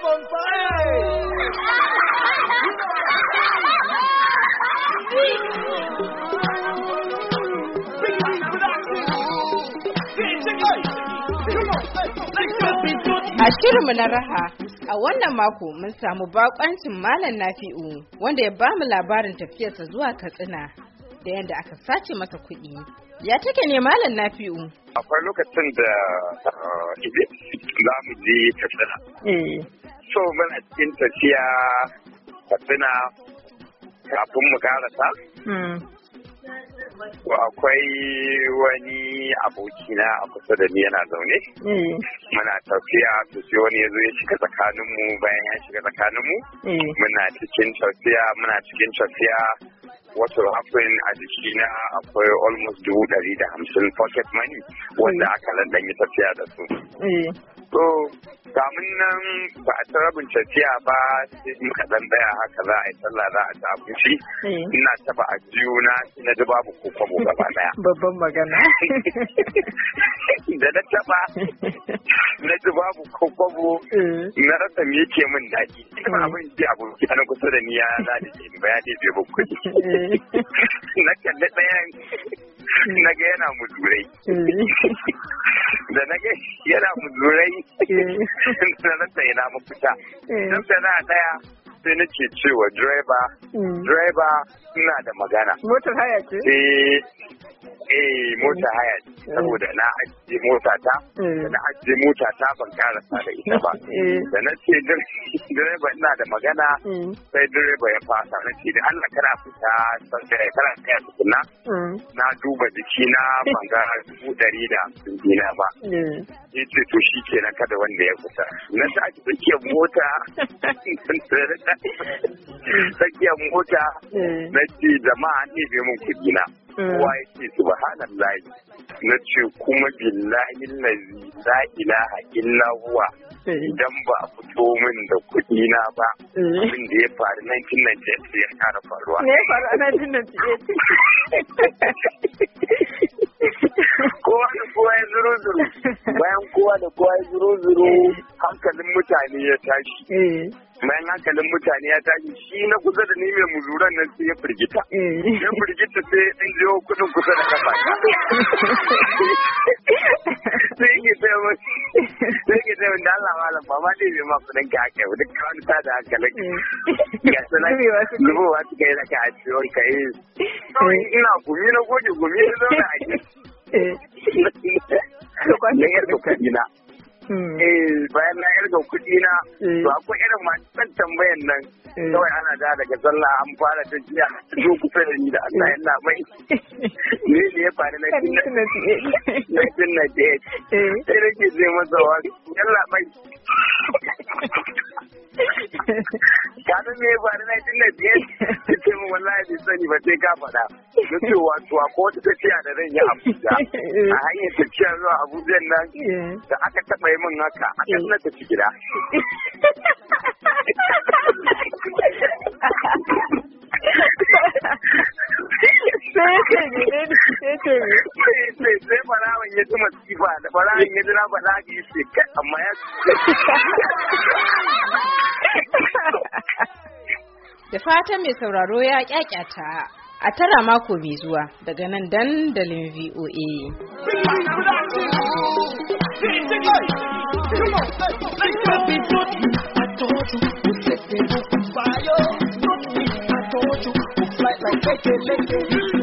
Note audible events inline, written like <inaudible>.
shirin mu A shirinmu na raha, a wannan mako mun samu bakoncin Malam Nafi'u wanda ya bamu labarin tafiyarsa zuwa Katsina da yadda aka sace masa kuɗi. Ya take ne Malam Nafi'u? Akwai lokacin da eh, za mu je Katsina. Eh. so muna cikin tafiya katsina kafin mu karasa hmm. akwai wani abokina a kusa da ni yana zaune hmm. muna tafiya sosai wani ya zo ya shiga tsakaninmu bayan ya shiga tsakaninmu hmm. muna cikin tafiya muna cikin tafiya wato hafin a jikina akwai almost dubu ɗari da hamsin pocket money wanda aka landan tafiya da su. kamun nan ba a rabin tafiya ba sai in ka dan daya haka za a yi sallah za a ci abinci eh. ina taba a jiyo na ji babu ko kwabo gaba daya <laughs> babban magana da na taba na ji babu ko kwabo eh. na rasa me yake min daɗi kuma eh. abin ji aboki na kusa da ni ya lalace ce ba ya ce ba kuɗi na kalli ɗayan na ga yana durai <laughs> da na ga yana mudurai <laughs> na rasa muku ta. duk da na daya sai na ce cewa direba mm. direba ina da magana motar haya ce eh eh mota haya eh. saboda na ajiye mota ta eh. da na ajiye mota ta ban karasa da ita ba <laughs> eh. da na ce direba ina da magana sai direba ya fasa na ce da Allah kana fita san da kana kai tukunna na duba jiki na ban ga <laughs> dubu dari da dina ba Ni ce to shi kada wanda ya kusa na ta tsakiyar mota <laughs> tsakiyar mota na ce jama'a ne bai mun kuɗi na kowa yake ce subhanallahi na ce kuma billahi lazi la ilaha illa huwa eh. idan ba a fito min da kuɗi na ba eh. abin da ya faru 1998 ya kara faruwa ne ya faru a 1998 <laughs> kowa da kowa ya zuru zuru <laughs> bayan kowa da kowa ya zuru zuru eh. hankalin mutane ya tashi bayan hankalin mutane ya tashi shi na kusa da ni mai muzuran nan sai ya firgita mm. ya firgita sai ya jiyo kudin kusa da kafa sai ke sai sai ke sai da Allah malam ba ma dai ma ka wani da ya mm. sana kai da ka a ciwon ka yi eh. ina gumi na goge gumi ya a gida. Da kwanciyar da bayan na yarda kuɗi na Eh. To akwai irin masu san tambayan nan eh. kawai ana da daga sallah an fara ta jiya zo kusa da ni da Allah ya mai eh. Ne ne ya faru na kin na je. Sai nake je masa wa yalla mai <laughs> ka san ba ya faru na tun da biyar ta ce min wallahi bai sani ba sai ka faɗa da! ce wato a ko wata tafiya da zan yi Abuja a hanyar tafiya zuwa Abuja nan da aka taɓa yi min haka aka na tafi gida. sai farawan ya ji masifa da farawan ya ji na faɗa ga yi amma ya da fata mai sauraro ya kyakyata a tara mako mai zuwa daga nan dandalin VOA.